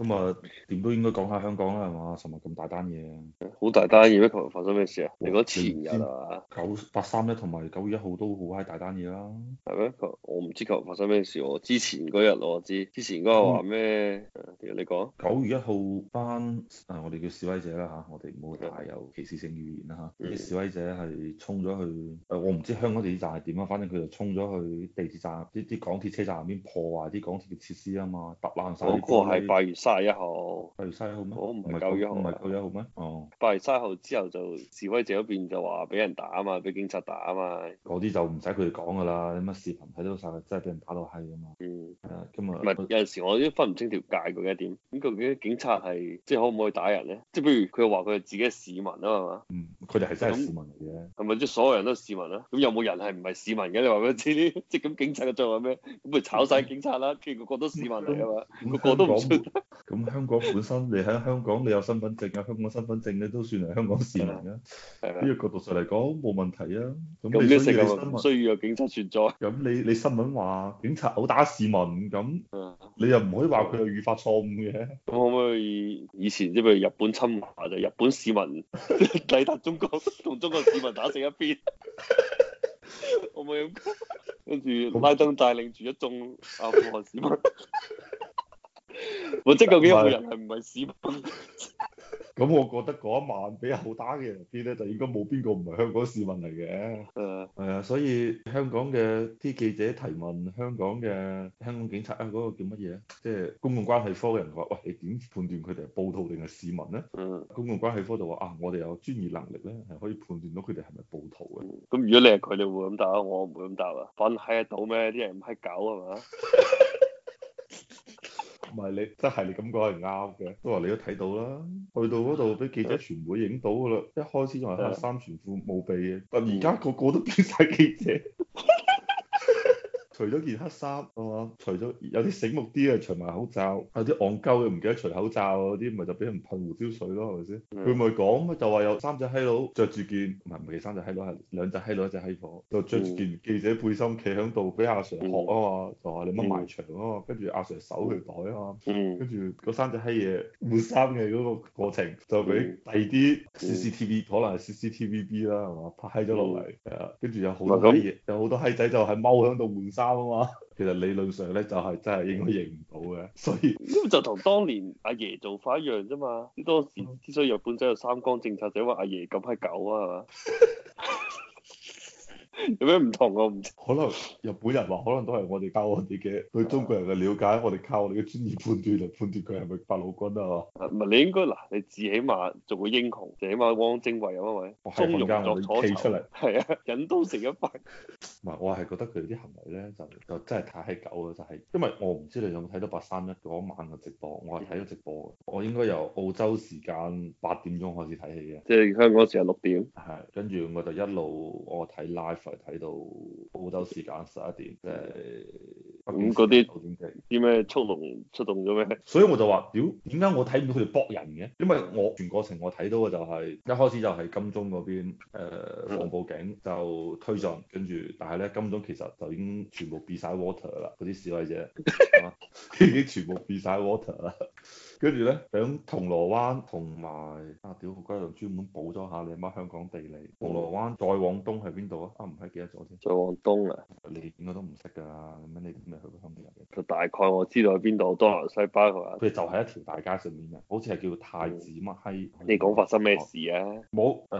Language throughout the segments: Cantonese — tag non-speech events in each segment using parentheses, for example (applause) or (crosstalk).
今日點都應該講下香港啦，係嘛？尋日咁大單嘢，好大單嘢咩？琴日發生咩事啊？我你講前日啊，九八三一同埋九月一號都好嗨大單嘢啦。係咩？我唔知琴日發生咩事喎。之前嗰、嗯、日我知，之前嗰日話咩？你講。九月一號班，誒、啊，我哋叫示威者啦吓，我哋冇大有歧視性語言啦嚇。啲、嗯、示威者係衝咗去誒、啊，我唔知香港地鐵站係點啊，反正佢就衝咗去地鐵站，啲啲港鐵車站入邊破壞啲港鐵嘅設施啊嘛，揼爛曬。嗰個係八月八月一號，八月三號咩？我唔係九月一號，唔係九月一號咩？哦，八月三號之後就示威者嗰邊就話俾人打嘛，俾警察打嘛，嗰啲就唔使佢哋講㗎喇，你乜視頻睇到晒，真係俾人打到閪啊嘛。嗯，啊，今日唔係有陣時我都分唔清條界究竟點，咁究竟警察係即係可唔可以打人咧？即係譬如佢話佢係自己嘅市民啊嘛。嗯。佢哋係真係市民嚟嘅，係咪即係所有人都市民啦，啊，咁有冇人係唔係市民嘅？你話俾我知，即係咁警察嘅作用咩？咁咪炒晒警察啦，佢個 (laughs) 個都市民嚟啊嘛，個個都唔出。咁 (laughs) 香港本身你喺香港你有身份證啊， (laughs) 香港身份證咧都算係香港市民啊，係咪？呢個角度上嚟講冇問題啊。咁你需 (laughs) 要唔需要有警察存在？咁 (laughs) 你你新聞話警察毆打市民，咁你又唔可以話佢有語法錯誤嘅。咁 (laughs) 可唔可以以前即係日本侵華就日本市民抵 (laughs) (laughs) 達中？同中國市民打成一邊， (laughs) 我冇咁講。跟住拜登帶領住一眾阿富汗市民，我即究竟有冇人係唔係市民？ (laughs) 咁我覺得嗰晚比較打嘅啲咧，就應該冇邊個唔係香港市民嚟嘅。誒，係啊，所以香港嘅啲記者提問香港嘅香港警察啊，嗰個叫乜嘢？即係公共關係科嘅人話，喂，你點判斷佢哋係暴徒定係市民咧？嗯，uh, 公共關係科就話，啊，我哋有專業能力咧，係可以判斷到佢哋係咪暴徒嘅。咁如果你係佢哋，會咁答？我唔會咁答啊，反閪得到咩？啲人唔係狗係嘛？ (laughs) 唔係，你真係，你咁講係啱嘅，都話你都睇到啦，去到嗰度俾記者傳媒影到噶啦，的一開始仲係黑衫傳褲冇備嘅，突然間個個都變晒記者。 (laughs) 除咗件黑衫啊嘛，除咗有啲醒目啲啊，除埋口罩；有啲戇鳩嘅唔記得除口罩嗰啲，咪就俾人噴胡椒水咯、啊，係咪先？佢咪講，就話有三隻閪佬着住件，唔係唔係三隻閪佬係兩隻閪佬一隻閪婆，就着住件記者背心企喺度，俾阿 sir 學啊嘛，嗯、就話你乜賣場啊嘛，跟住、嗯、阿 sir 手去袋啊嘛，跟住嗰三隻閪嘢換衫嘅嗰個過程，就俾第二啲 CCTV 可能係 CCTV B 啦，係嘛拍閪咗落嚟，係啊、嗯，跟住有好多嘢、嗯，有好多閪仔就係踎喺度換衫。啱啊！其實理論上咧，就係真係應該認唔到嘅，所以咁就同當年阿爺做法一樣啫嘛。當時之所以日本仔有三光政策，就因為阿爺咁係狗啊，係嘛？有咩唔同啊？唔可能日本人話，可能都係我哋靠我哋嘅對中國人嘅了解，我哋靠我哋嘅專業判斷嚟判斷佢係咪八路軍啊？唔係、啊、你應該嗱，你自起碼做個英雄，至起碼汪精衛有乜位，我是忠勇作楚仇，係啊，人都成一唔嗱，我係覺得佢啲行為咧就就真係太欺狗咯，就係、是、因為我唔知你有冇睇到八三一嗰晚嘅直播，我係睇咗直播嘅，我應該由澳洲時間八點鐘開始睇戲嘅，即係香港時間六點。係，跟住我就一路我睇 live。嚟睇到澳洲時間十一點，即係咁嗰啲九點咩出動出動咗咩？所以我就話：屌，點解我睇唔到佢哋搏人嘅？因為我全過程我睇到嘅就係、是、一開始就係金鐘嗰邊誒防暴警就推撞，跟住但係咧金鐘其實就已經全部變晒 water 啦，嗰啲示威者 (laughs) (laughs) 已經全部變晒 water 啦。跟住咧響銅鑼灣同埋阿屌！我街度專門補咗下你阿媽香港地理，銅鑼灣再往東係邊度啊？啊唔係記得咗先。再往東啊？你點解都唔識㗎？咁樣你都未去過香港入嘅？大概我知道喺邊度，多倫西巴嗰日。佢哋就喺一條大街上面啊，好似係叫太子乜閪。你講發生咩事啊？冇誒，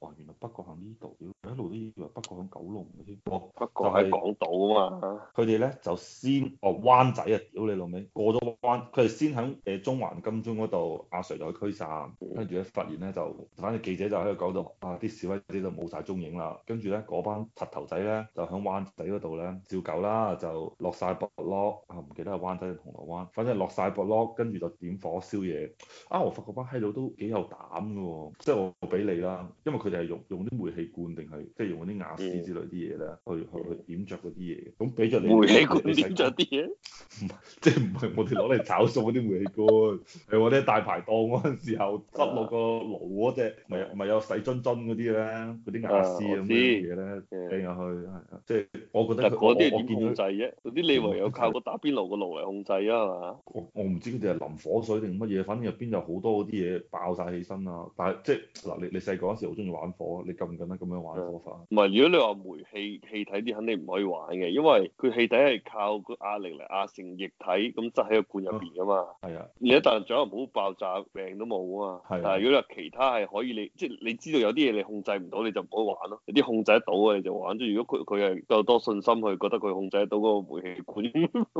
哦原來北角響呢度，一路都以為北角響九龍嗰啲。哦，北角係港島啊嘛。佢哋咧就先哦灣仔啊屌你老味。過咗個灣，佢哋先響誒中環金鐘嗰度，阿 Sir 就去驅散，跟住咧發現咧就，反正記者就喺度講到，啊啲示威者就冇晒蹤影啦，跟住咧嗰班柒頭仔咧就喺灣仔嗰度咧照舊啦，就落晒箔 lock，啊唔記得係灣仔定銅鑼灣，反正落晒箔 lock，跟住就點火燒嘢，啊我發覺班閪佬都幾有膽嘅喎，即、啊、係我俾你啦，因為佢哋係用用啲煤氣罐定係即係用嗰啲瓦斯之類啲嘢咧，去去點著嗰啲嘢，咁俾咗你煤氣罐點着啲嘢？唔係， (laughs) 即係唔係我哋攞嚟炒餸嗰啲煤氣罐。 (laughs) 係我啲大排檔嗰陣時候，執落個爐嗰隻，咪咪、啊、有洗樽樽嗰啲咧，嗰啲牙絲咁嘅嘢咧，掟入去係啊，即係我覺得嗰啲點控制啫？嗰啲你唯有靠個打邊爐個爐嚟控制啊嘛。我我唔知佢哋係淋火水定乜嘢，反正入邊有好多嗰啲嘢爆晒起身啊！但係即係嗱，你你細個嗰陣時好中意玩火，你夠唔夠膽咁樣玩火法？唔係、啊，如果你話煤氣氣體啲，肯定唔可以玩嘅，因為佢氣體係靠個壓力嚟壓、啊、成液體，咁塞喺個罐入邊㗎嘛。係啊，但係最唔好爆炸，命都冇啊嘛。係的，但如果話其他係可以，你即係你知道有啲嘢你控制唔到，你就唔好玩咯。有啲控制得到嘅你就玩。即如果佢佢係夠多信心去覺得佢控制得到嗰個煤氣管，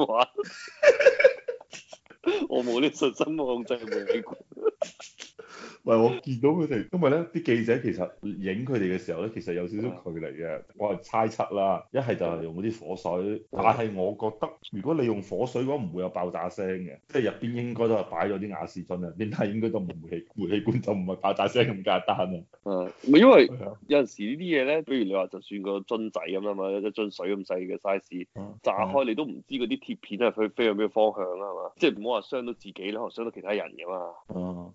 玩。我冇啲信心控制煤氣管。見到佢哋，因為咧啲記者其實影佢哋嘅時候咧，其實有少少距離嘅。我係猜測啦，一係就係用嗰啲火水。的但係我覺得，如果你用火水，嗰唔會有爆炸聲嘅，即係入邊應該都係擺咗啲瓦斯樽啊，點解應該都冇煤氣煤氣罐，就唔係爆炸聲咁簡單啊，咪因為有陣時呢啲嘢咧，比如你話就算個樽仔咁樣嘛，一樽水咁細嘅 size，炸開你都唔知嗰啲鐵片啊飛飛去咩方向啊嘛，即係唔好話傷到自己啦，咯，傷到其他人噶嘛。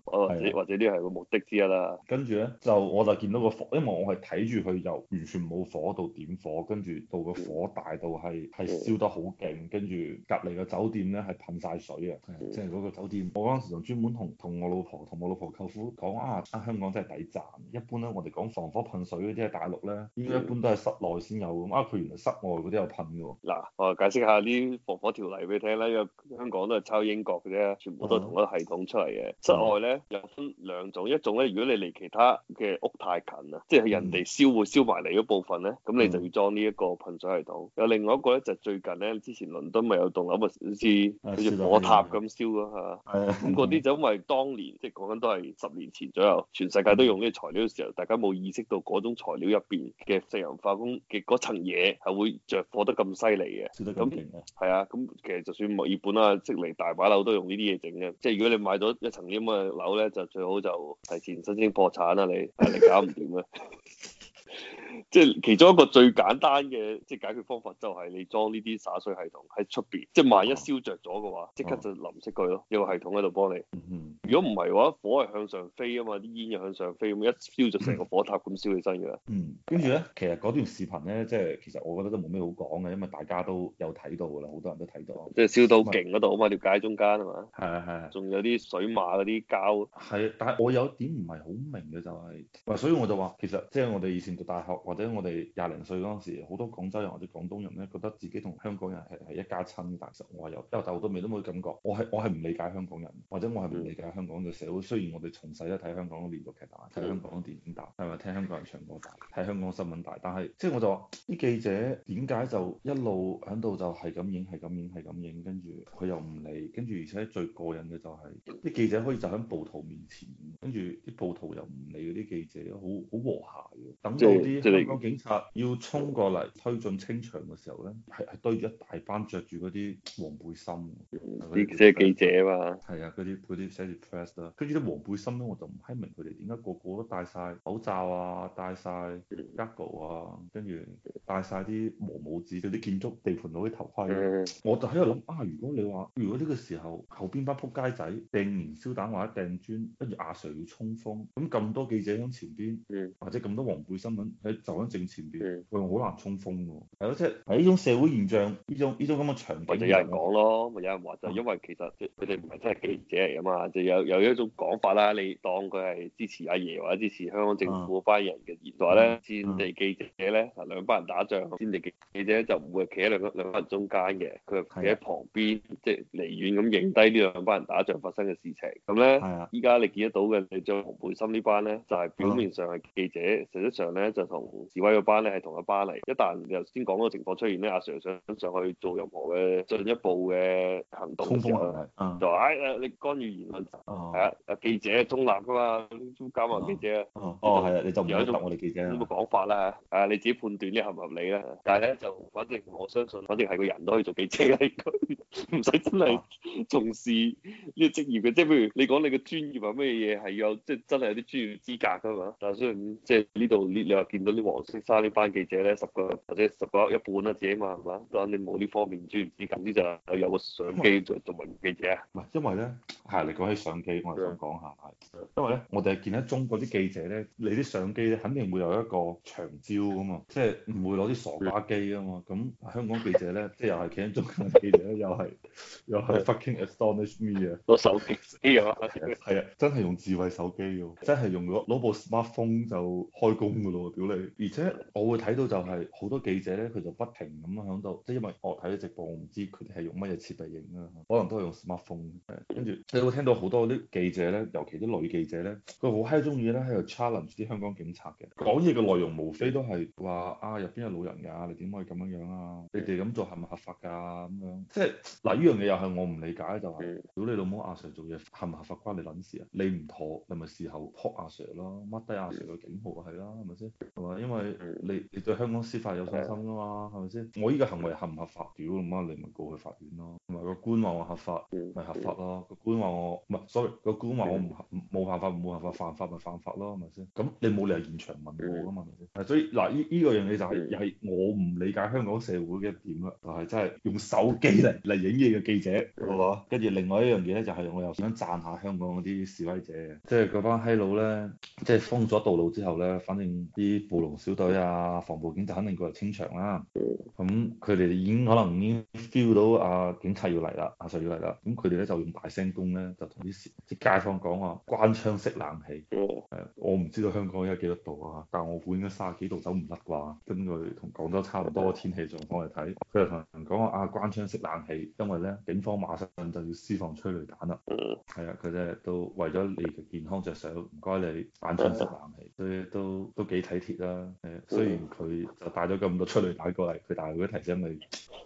或者或者呢係個目的。知啦，跟住咧就我就見到個火，因為我係睇住佢由完全冇火到點火，跟住到個火大到係係燒得好勁，跟住隔離嘅酒店咧係噴晒水啊，即係嗰個酒店。我嗰陣時仲專門同同我老婆同我老婆舅父講啊，香港真係抵賺。一般咧，我哋講防火噴水嗰啲喺大陸咧，應該一般都係室內先有咁啊。佢原來室外嗰啲有噴嘅。嗱，我解釋下啲防火條例俾你聽啦。因為香港都係抄英國嘅啫，全部都同一個系統出嚟嘅。室外咧又分兩種，一咧，如果你離其他嘅屋太近啊，即係人哋燒會燒埋嚟嗰部分咧，咁、嗯、你就要裝呢一個噴水系統。嗯、有另外一個咧，就是、最近咧，之前倫敦咪有棟樓啊，好似好似火塔咁燒咯嚇。係啊，咁嗰啲就因為當年,、啊啊、當年即係講緊都係十年前左右，全世界都用呢啲材料嘅時候，大家冇意識到嗰種材料入邊嘅石油化工嘅嗰層嘢係會着火得咁犀利嘅。咁係啊，咁麼、啊、其實就算墨爾本啦、悉尼大把樓都用呢啲嘢整嘅。即係如果你買咗一層咁嘅樓咧，就最好就是。前身先破產啦、啊， (laughs) 你係咪搞唔掂咩？即係其中一個最簡單嘅即係解決方法，就係你裝呢啲灑水系統喺出邊。啊、即係萬一燒着咗嘅話，即刻就淋熄佢咯，有、啊、個系統喺度幫你。嗯，嗯如果唔係嘅話，火係向上飛啊嘛，啲煙又向上飛，咁一燒就成個火塔咁燒起身嘅、嗯。嗯。跟住咧，的其實嗰段視頻咧，即係其實我覺得都冇咩好講嘅，因為大家都有睇到嘅啦，好多人都睇到。即係燒到勁嗰度啊嘛，條為街中間係嘛？係係。仲有啲水馬嗰啲膠。係啊，但係我有一點唔係好明嘅就係、是，嗱、呃，所以我就話其實即係我哋以前讀大學。或者我哋廿零歲嗰陣時，好多廣州人或者廣東人咧，覺得自己同香港人係係一家親。但係實我係有，因為但係好多嘢都冇感覺。我係我係唔理解香港人，或者我係唔理解香港嘅社會。雖然我哋從細都睇香港嘅連續劇大，睇香港嘅電影大，係咪聽香港人唱歌大，睇香港新聞大。但係即係我就話啲記者點解就一路喺度就係咁影係咁影係咁影，跟住佢又唔理，跟住而且最過癮嘅就係、是、啲記者可以就喺暴徒面前，跟住啲暴徒又唔理嗰啲記者，好好和諧嘅，等住啲，個警察要衝過嚟推進清場嘅時候咧，係係堆住一大班着住嗰啲黃背心，啲即係記者嘛，係啊，嗰啲啲寫住 Press 啦，跟住啲黃背心咧，我就唔明佢哋點解個個都戴晒口罩啊，戴晒 goggle 啊，跟住戴晒啲毛帽子嗰啲建築地盤佬啲頭盔、啊，我就喺度諗啊，如果你話如果呢個時候後邊班撲街仔掟燃燒彈或者掟磚，跟住阿 sir 要衝鋒，咁咁多記者響前邊，或者咁多黃背心響，就喺正前邊，佢好的難衝鋒喎。係咯，即係喺呢種社會現象，呢種呢種咁嘅場景就有，有人講咯，咪有人話就係因為其實佢哋唔係真係記者嚟㗎嘛，就有有一種講法啦，你當佢係支持阿爺或者支持香港政府嗰班人嘅言話咧，戰地、嗯嗯、記者咧，兩班人打仗，戰地記者就唔會企喺兩個兩班人中間嘅，佢企喺旁邊，即係的離遠咁影低呢兩班人打仗發生嘅事情。咁咧的，依家的你見得到嘅，你將黃背心班呢班咧，就係、是、表面上係記者，實際上咧就同示威個班咧係同阿巴黎，一旦你頭先講嗰個情況出現咧，阿 Sir 想上去做任何嘅進一步嘅行動嘅時候就話唉、哎，你干預言論，係啊，記者中立噶嘛，中監察記者哦，係啊，你就唔得我哋記者咁嘅講法啦，誒，你自己判斷呢合唔合理啦，但係咧就反正我相信，反正係個人都可以做記者嘅，唔 (laughs) 使真係從事呢個職業嘅，啊、即係譬如你講你個專業係咩嘢係有即係真係有啲專業資格噶嘛，但係雖然即係呢度呢，你話見到呢。黃色衫呢班記者咧，十個或者十個一半啦、啊，自己嘛係嘛，但你冇呢方面專知，知，緊啲就，有個相機做做名記者啊。唔係，因為咧，係你講起相機，我係想講下，因為咧，我哋係見得中國啲記者咧，你啲相機咧，肯定會有一個長焦㗎嘛，即係唔會攞啲傻瓜機㗎嘛。咁香港記者咧，即係又係其中嘅記者，又係 (laughs) 又係 fucking astonish me 啊，攞手機死啊，係啊，真係用智慧手機喎，真係用咗攞部 smartphone 就開工噶咯，屌你。而且我會睇到就係好多記者咧，佢就不停咁喺度，即係因為我睇咗直播，我唔知佢哋係用乜嘢設備影啊，可能都係用 smartphone。跟住你會聽到好多啲記者咧，尤其啲女記者咧，佢好閪中意咧喺度 challenge 啲香港警察嘅。講嘢嘅內容無非都係話啊，入邊有老人㗎，你點可以咁樣樣啊？你哋咁做合唔合法㗎？咁樣即係嗱，呢樣嘢又係我唔理解就係，如果你老母阿 Sir 做嘢，合唔合法關你撚事啊？你唔妥，你咪事後撲阿 Sir 咯，抹低阿 Sir 嘅警號係啦，係咪先？因為你你對香港司法有信心㗎嘛，係咪先？我呢個行為合唔合法？屌，乜你咪過去法院咯。同埋個官話我合法，咪合法咯。個官話我唔係，所以個官話我唔冇辦法，冇辦法犯法咪犯法咯，係咪先？咁你冇理由現場問我㗎嘛，係咪先？係所以嗱，呢呢、呢個樣嘢就係、是、又我唔理解香港社會嘅點啦。就係、是、真係用手機嚟嚟影嘢嘅記者，係跟住另外一樣嘢咧，就係我又想讚下香港嗰啲示威者即係嗰班閪佬咧，即、就、係、是就是、封咗道路之後咧，反正啲暴小隊啊，防暴警就肯定過嚟清場啦。咁佢哋已經可能已經 feel 到啊，警察要嚟啦，阿 Sir 要嚟啦。咁佢哋咧就用大聲公咧，就同啲啲街坊講話關窗熄冷氣。誒，我唔知道香港而家幾多度啊，但我估應該卅幾度，走唔甩啩。根據同廣州差唔多嘅天氣狀況嚟睇，佢就同人講話啊，關窗熄冷氣，因為咧警方馬上就要施放催淚彈啦。係啊，佢哋都為咗你嘅健康着想，唔該你關窗熄冷氣，所以都都幾體貼啦。啦，誒，雖然佢就帶咗咁多催淚彈過嚟，佢但係嗰啲記者咪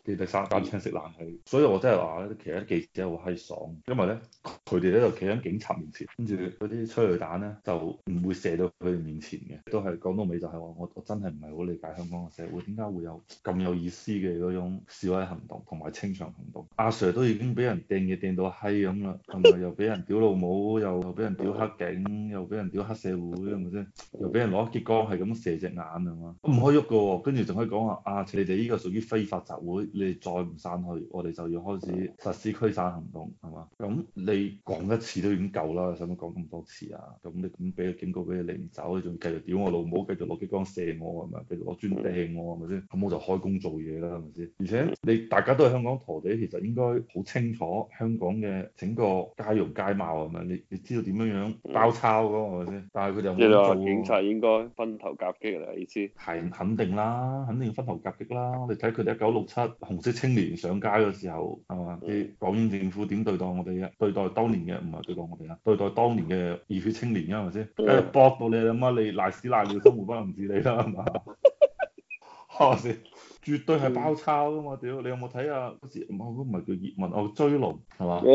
跌低衫、攬槍、食冷氣，所以我真係話其實啲記者好閪爽，因為咧佢哋喺度企喺警察面前，跟住嗰啲催淚彈咧就唔會射到佢哋面前嘅。都係講到尾就係話我，我真係唔係好理解香港嘅社會點解會有咁有意思嘅嗰種示威行動同埋清場行動，阿、啊、sir 都已經俾人掟嘢掟到閪咁啦，係咪？又俾人屌老母，又俾人屌黑警，又俾人屌黑社會，係咪先？又俾人攞激光係咁射。隻眼咁咯，唔可以喐㗎喎，跟住仲可以講話啊！你哋呢個屬於非法集會，你再唔散去，我哋就要開始實施驅散行動，係嘛？咁你講一次都已經夠啦，使唔使講咁多次啊？咁你咁俾個警告俾你唔走，你仲繼續屌我老母，繼續攞激光射我係咪？繼續攞磚掟我係咪先？咁我就開工做嘢啦係咪先？而且你大家都係香港陀地，其實應該好清楚香港嘅整個街容街貌係咪？你你知道點樣樣包抄嘅係咪先？但係佢哋冇做。警察應該分頭夾擊。意思係肯定啦，肯定分頭夾擊啦。你睇佢哋一九六七紅色青年上街嘅時候，係嘛，啲港英政府點對待我哋嘅？對待當年嘅唔係對待我哋啊，對待當年嘅熱、啊、血青年嘅係咪先？誒，搏、mm hmm. 到你阿媽，你賴屎賴尿都唔可能唔治你啦，係嘛？ (laughs) (laughs) 絕對係包抄噶嘛，屌！你有冇睇下？嗰時唔係叫葉問哦，追龍係嘛？ (laughs)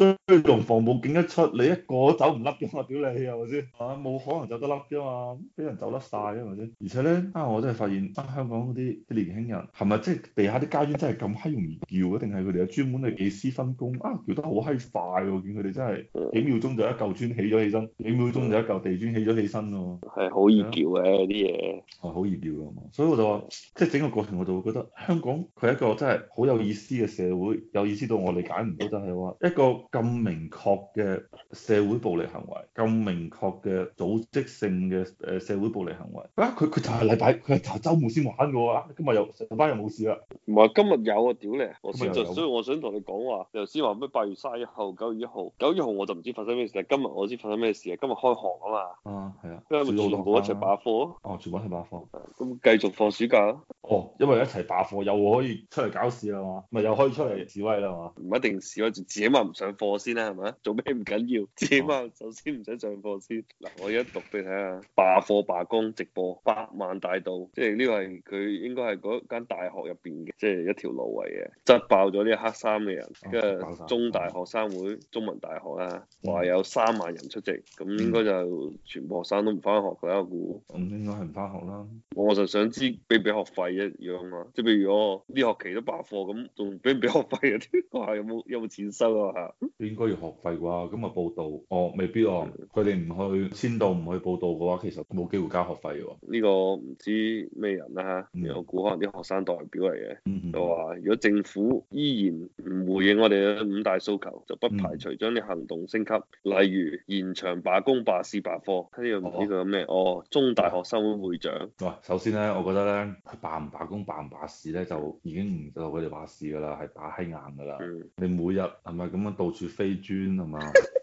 追龍防暴警一出，你一個走唔甩噶嘛，屌你係咪先？冇可能走得甩噶嘛，俾人走甩晒啊，係咪先？而且咧，啊，啊我真係發現香港嗰啲年輕人係咪即係地下啲家磚真係咁閪容易撬？的啊？定係佢哋有專門嘅技師分工啊？撬得好閪快喎！見佢哋真係幾秒鐘就一嚿磚起咗起身，幾秒鐘就一嚿地磚起咗起身喎。係好易撬嘅啲嘢，係好易撬噶嘛。所以我就話即係整個。過程我就會覺得香港佢係一個真係好有意思嘅社會，有意思到我理解唔到就係、是、話一個咁明確嘅社會暴力行為，咁明確嘅組織性嘅誒社會暴力行為啊！佢佢就係禮拜，佢就周末先玩嘅啊。今日又成班又冇事啦，唔係今日有啊屌你！我所以我想同你講話，頭先話咩八月三十一號、九月一號、九月一號我就唔知發生咩事，今日我知發生咩事啊！今日開學啊嘛，啊係啊，啊因為全部一齊罷課，哦、啊、全部係罷課，咁、啊啊、繼續放暑假咯、啊。因為一齊罷課又可以出嚟搞事啦嘛，咪又可以出嚟示威啦嘛。唔一定示威，就自己嘛唔上課先啦，係咪？做咩唔緊要，自己嘛首先唔使上課先。嗱、啊，我而家讀俾你睇下，罷課罷工直播，百萬大道，即係呢個係佢應該係嗰間大學入邊嘅，即、就、係、是、一條路嚟嘅。執爆咗啲黑衫嘅人，跟住中大學生會，啊、中文大學啦，話哇有三萬人出席，咁應該就全部學生都唔翻學㗎啦，嗯、我估。咁應該係唔翻學啦。我就想知俾唔俾學費啫。樣啊！即係譬如我呢學期都罷課咁，仲俾唔俾學費啊？我 (laughs) 話有冇有冇錢收啊？應該要學費啩、啊？咁啊報到哦，未必哦。佢哋唔去簽到，唔去報到嘅話，其實冇機會交學費喎、啊。呢個唔知咩人啦、啊、嚇。嗯、我估可能啲學生代表嚟嘅，嗯、就話如果政府依然唔回應我哋嘅五大訴求，就不排除將啲行動升級，嗯、例如現場罷工、罷市、罷課。呢個唔知佢有咩？哦，哦中大學生會會長。喂、呃，首先咧，我覺得咧，罷唔罷？打工辦唔辦事咧，就已經唔就佢哋辦事噶啦，係打閪眼噶啦。 (laughs) 你每日係咪咁樣到處飛磚係嘛？是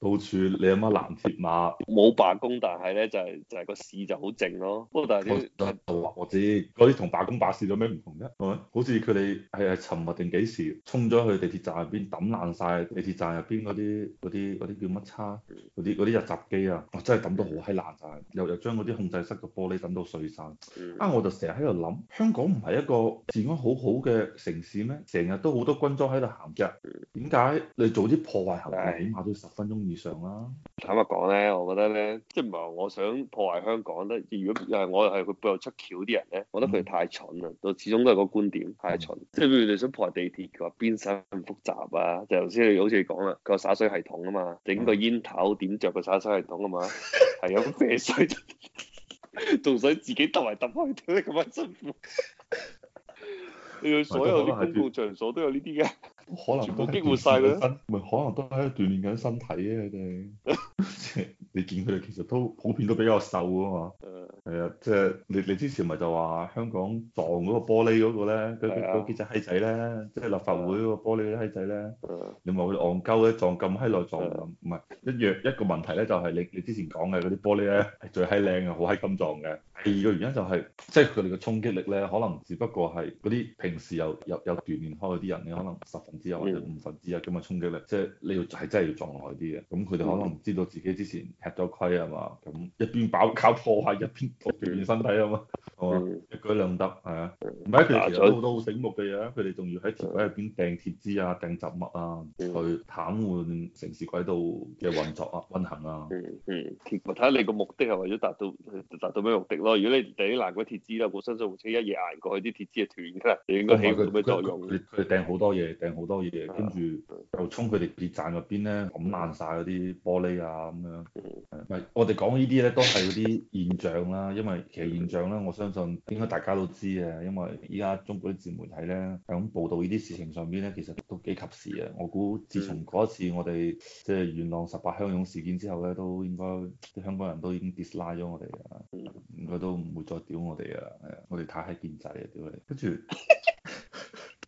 到處你阿媽攔鐵馬，冇罷工，但係咧就係、是、就係、是、個市就好靜咯。不過但係佢我我知啲同罷工罷市有咩唔同啫？係好似佢哋係係尋日定幾時衝咗去地鐵站入邊抌爛晒地鐵站入邊嗰啲啲啲叫乜叉？嗰啲嗰啲入閘機啊！哇，真係抌到好閪爛晒，又又將嗰啲控制室個玻璃抌到碎晒。啊、嗯，我就成日喺度諗，香港唔係一個治安好好嘅城市咩？成日都好多軍裝喺度行着，點解你做啲破壞行為起碼都十分分鐘以上啦。坦白講咧，我覺得咧，即係唔係我想破壞香港咧。如果誒，我又係佢背後出橋啲人咧，我覺得佢哋太蠢啦。就始終都係個觀點太蠢。Mm hmm. 即係譬如你想破壞地鐵，佢話邊使咁複雜啊？就頭先你好似講啦，佢話灑水系統啊嘛，整個煙頭點着個灑水系統啊嘛，係咁啡水，仲使 (laughs) 自己揼嚟揼去，你咁樣辛苦，你 (laughs) 去所有啲公共場所都有呢啲嘅。可能都全部激活晒身，唔係可能都喺度鍛鍊緊身體啊！佢哋即係你見佢哋其實都普遍都比較瘦啊嘛，係、uh, 啊，即、就、係、是、你你之前咪就話香港撞嗰個玻璃嗰個咧，嗰嗰、uh, 幾隻閪仔咧，即係立法會嗰個玻璃嗰啲閪仔咧，uh, 你話佢戇鳩咧，撞咁閪耐，撞唔唔係一樣一個問題咧，就係你你之前講嘅嗰啲玻璃咧最閪靚嘅好閪咁撞嘅。第二個原因就係、是，即係佢哋嘅衝擊力咧，可能只不過係嗰啲平時有有有鍛鍊開嗰啲人，你可能十分之一或者五分之一咁嘅衝擊力，嗯、即係你要係真係要撞耐啲嘅。咁佢哋可能唔知道自己之前吃咗虧啊嘛，咁一邊搞破壞，一邊鍛鍊身體啊嘛，係、嗯、一舉兩得係啊。唔係其實都好多好醒目嘅嘢，佢哋仲要喺鐵軌入邊掟鐵枝啊、掟雜物啊，去癱瘓城市軌道嘅運作啊、運行啊。嗯嗯，睇、嗯、下、嗯嗯、你個目的係為咗達到達到咩目的。如果你掟啲爛鬼鐵枝啦，本身好似一夜捱過去，啲鐵枝就斷㗎啦，個起佢冇咩作用。佢掟好多嘢，掟好多嘢，跟住又衝佢哋鐵站入邊咧，咁爛晒嗰啲玻璃啊咁樣。唔，我哋講呢啲咧都係嗰啲現象啦，因為其實現象咧，我相信應該大家都知嘅，因為依家中國啲自媒體咧，喺報導呢啲事情上邊咧，其實都幾及時啊。我估自從嗰一次我哋即係元朗十八鄉擁事件之後咧，都應該啲香港人都已經 dislike 咗我哋啊。佢都唔會再屌我哋啊！係啊，我哋太閪變仔啊！屌你，跟住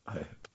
係。 (laughs) (laughs)